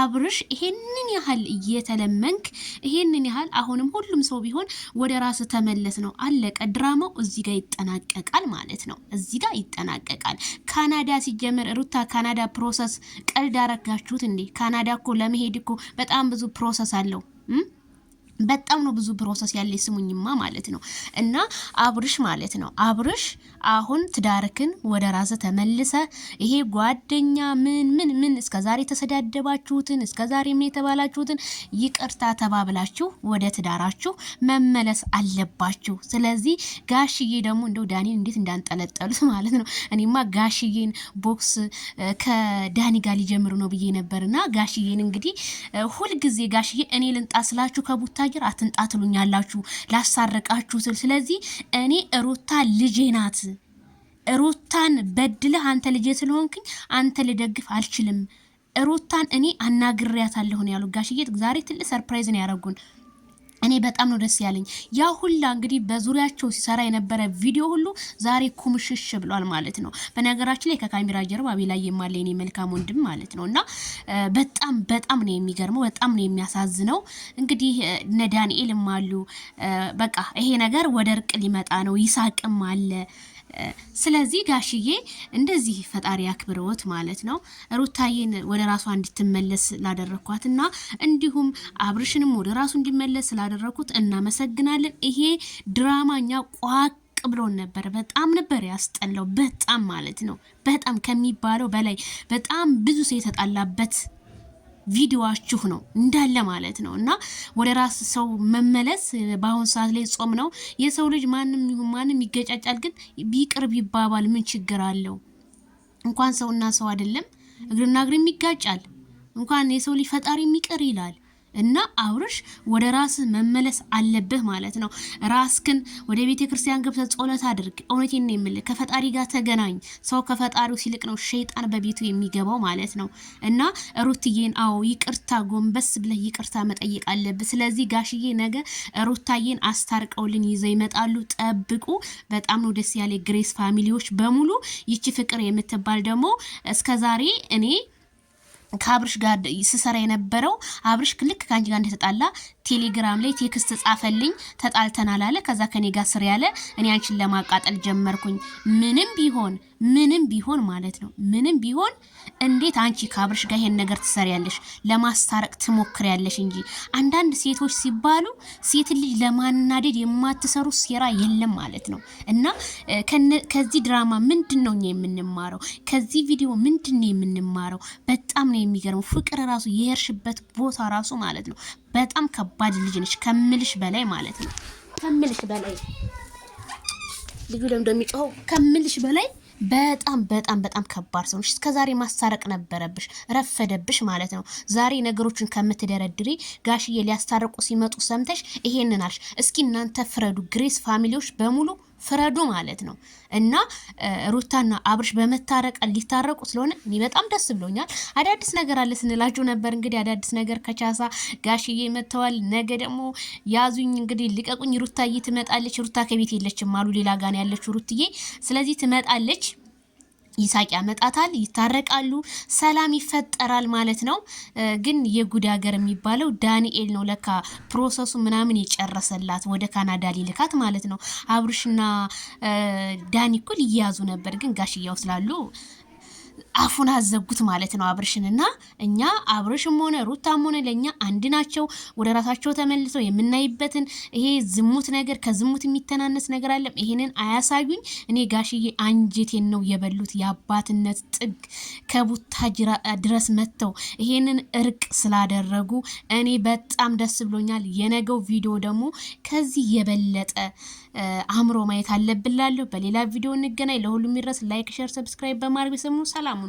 አብርሽ ይሄንን ያህል እየተለመንክ ይሄንን ያህል አሁንም ሁሉም ሰው ቢሆን ወደ ራስ ተመለስ ነው። አለቀ። ድራማው እዚህ ጋር ይጠናቀቃል ማለት ነው። እዚህ ጋር ይጠናቀቃል። ካናዳ ሲጀምር ሩታ ካናዳ ፕሮሰስ ቀልድ አረጋችሁት እንዴ? ካናዳ እኮ ለመሄድ እኮ በጣም ብዙ ፕሮሰስ አለው። በጣም ነው ብዙ ፕሮሰስ ያለ ስሙኝማ ማለት ነው። እና አብርሽ ማለት ነው አብርሽ አሁን ትዳርክን ወደ ራስህ ተመልሰ ይሄ ጓደኛ ምን ምን ምን እስከዛሬ ተሰዳደባችሁትን ዛሬ ምን የተባላችሁትን ይቅርታ ተባብላችሁ ወደ ትዳራችሁ መመለስ አለባችሁ። ስለዚህ ጋሽዬ ደግሞ እንደው ዳኒን እንዴት እንዳንጠለጠሉት ማለት ነው። እኔማ ጋሽዬን ቦክስ ከዳኒ ጋር ሊጀምሩ ነው ብዬ ነበርና ጋሽዬን እንግዲህ ሁልጊዜ ጋሽዬ እኔ ልንጣ ስላችሁ ከቡታ ነገር አትንጣ ትሉኛላችሁ፣ ላሳርቃችሁ ስል ስለዚህ እኔ ሩታ ልጄ ናት። ሩታን በድለህ አንተ ልጄ ስለሆንክኝ አንተ ልደግፍ አልችልም። ሩታን እኔ አናግሬያታለሁ ነው ያሉ ጋሽዬ ዛሬ ትልቅ ሰርፕራይዝን ያደረጉን እኔ በጣም ነው ደስ ያለኝ። ያ ሁላ እንግዲህ በዙሪያቸው ሲሰራ የነበረ ቪዲዮ ሁሉ ዛሬ ኩምሽሽ ብሏል ማለት ነው። በነገራችን ላይ ከካሜራ ጀርባ አቤላይ የማለ የኔ መልካም ወንድም ማለት ነው እና በጣም በጣም ነው የሚገርመው፣ በጣም ነው የሚያሳዝነው። እንግዲህ እነ ዳንኤልም አሉ። በቃ ይሄ ነገር ወደ እርቅ ሊመጣ ነው። ይሳቅም አለ። ስለዚህ ጋሽዬ እንደዚህ ፈጣሪ አክብረውት ማለት ነው። ሩታዬን ወደ ራሷ እንድትመለስ ላደረግኳት እና እንዲሁም አብርሽንም ወደ ራሱ እንዲመለስ ስላደረጉት እናመሰግናለን። ይሄ ድራማኛ ቋቅ ብሎን ነበር። በጣም ነበር ያስጠላው። በጣም ማለት ነው በጣም ከሚባለው በላይ በጣም ብዙ ሰው የተጣላበት ቪዲዮችሁ ነው እንዳለ ማለት ነው። እና ወደ ራስ ሰው መመለስ በአሁን ሰዓት ላይ ጾም ነው። የሰው ልጅ ማንም ይሁን ማንም ይገጫጫል፣ ግን ቢቅር ቢባባል ምን ችግር አለው? እንኳን ሰውና ሰው አይደለም እግርና እግርም ይጋጫል። እንኳን የሰው ልጅ ፈጣሪ የሚቀር ይላል። እና አብርሽ ወደ ራስ መመለስ አለብህ ማለት ነው። ራስክን ወደ ቤተ ክርስቲያን ገብተህ ጸሎት አድርግ። እውነቴን ነው የምልህ፣ ከፈጣሪ ጋር ተገናኝ። ሰው ከፈጣሪው ሲልቅ ነው ሸይጣን በቤቱ የሚገባው ማለት ነው። እና ሩትዬን፣ አዎ ይቅርታ፣ ጎንበስ ብለህ ይቅርታ መጠየቅ አለብህ። ስለዚህ ጋሽዬ ነገ ሩታዬን አስታርቀውልን ይዘው ይመጣሉ። ጠብቁ። በጣም ነው ደስ ያለ። ግሬስ ፋሚሊዎች በሙሉ ይቺ ፍቅር የምትባል ደግሞ እስከዛሬ እኔ ከአብርሽ ጋር ስሰራ የነበረው አብርሽ ልክ ከአንቺ ጋር እንደተጣላ ቴሌግራም ላይ ቴክስት ጻፈልኝ። ተጣልተናል አለ። ከዛ ከኔ ጋር ስር ያለ እኔ አንቺን ለማቃጠል ጀመርኩኝ። ምንም ቢሆን ምንም ቢሆን ማለት ነው ምንም ቢሆን እንዴት አንቺ ከአብርሽ ጋር ይሄን ነገር ትሰሪያለሽ? ለማስታረቅ ትሞክሪያለሽ እንጂ አንዳንድ ሴቶች ሲባሉ ሴት ልጅ ለማናደድ የማትሰሩ ሴራ የለም ማለት ነው። እና ከዚህ ድራማ ምንድን ነው እኛ የምንማረው? ከዚህ ቪዲዮ ምንድን ነው የምንማረው? በጣም ነው የሚገርመው። ፍቅር ራሱ የሄድሽበት ቦታ ራሱ ማለት ነው በጣም ከባድ ልጅ ነች ከምልሽ በላይ ማለት ነው። ከምልሽ በላይ ልጁ ለምን እንደሚጮኸው ከምልሽ በላይ በጣም በጣም በጣም ከባድ ሰው ነሽ። እስከዛሬ ማሳረቅ ነበረብሽ፣ ረፈደብሽ ማለት ነው። ዛሬ ነገሮችን ከምትደረድሪ ጋሽዬ ሊያስታርቁ ሲመጡ ሰምተሽ ይሄንን አልሽ። እስኪ እናንተ ፍረዱ ግሬስ ፋሚሊዎች በሙሉ ፍረዱ ማለት ነው እና ሩታና አብርሽ በመታረቅ ሊታረቁ ስለሆነ እኔ በጣም ደስ ብሎኛል። አዳዲስ ነገር አለ ስንላችሁ ነበር። እንግዲህ አዳዲስ ነገር ከቻሳ ጋሽዬ መጥተዋል። ነገ ደግሞ ያዙኝ እንግዲህ ልቀቁኝ፣ ሩታዬ ትመጣለች። ሩታ ከቤት የለችም አሉ ሌላ ጋን ያለችው ሩትዬ፣ ስለዚህ ትመጣለች። ይሳቅ ያመጣታል፣ ይታረቃሉ፣ ሰላም ይፈጠራል ማለት ነው። ግን የጉድ ሀገር የሚባለው ዳንኤል ነው ለካ ፕሮሰሱ ምናምን የጨረሰላት ወደ ካናዳ ሊልካት ማለት ነው። አብርሽና ዳኒ እኮ እያያዙ ነበር፣ ግን ጋሽያው ስላሉ አፉን አዘጉት ማለት ነው አብርሽን እና እኛ አብርሽም ሆነ ሩታም ሆነ ለእኛ አንድ ናቸው። ወደ ራሳቸው ተመልሰው የምናይበትን ይሄ ዝሙት ነገር ከዝሙት የሚተናነስ ነገር አለም። ይሄንን አያሳዩኝ። እኔ ጋሽዬ አንጀቴን ነው የበሉት። የአባትነት ጥግ ከቡታ ድረስ መጥተው ይሄንን እርቅ ስላደረጉ እኔ በጣም ደስ ብሎኛል። የነገው ቪዲዮ ደግሞ ከዚህ የበለጠ አእምሮ ማየት አለብላለሁ። በሌላ ቪዲዮ እንገናኝ። ለሁሉም ይድረስ። ላይክ፣ ሸር፣ ሰብስክራይብ በማድረግ ሰሙ ሰላም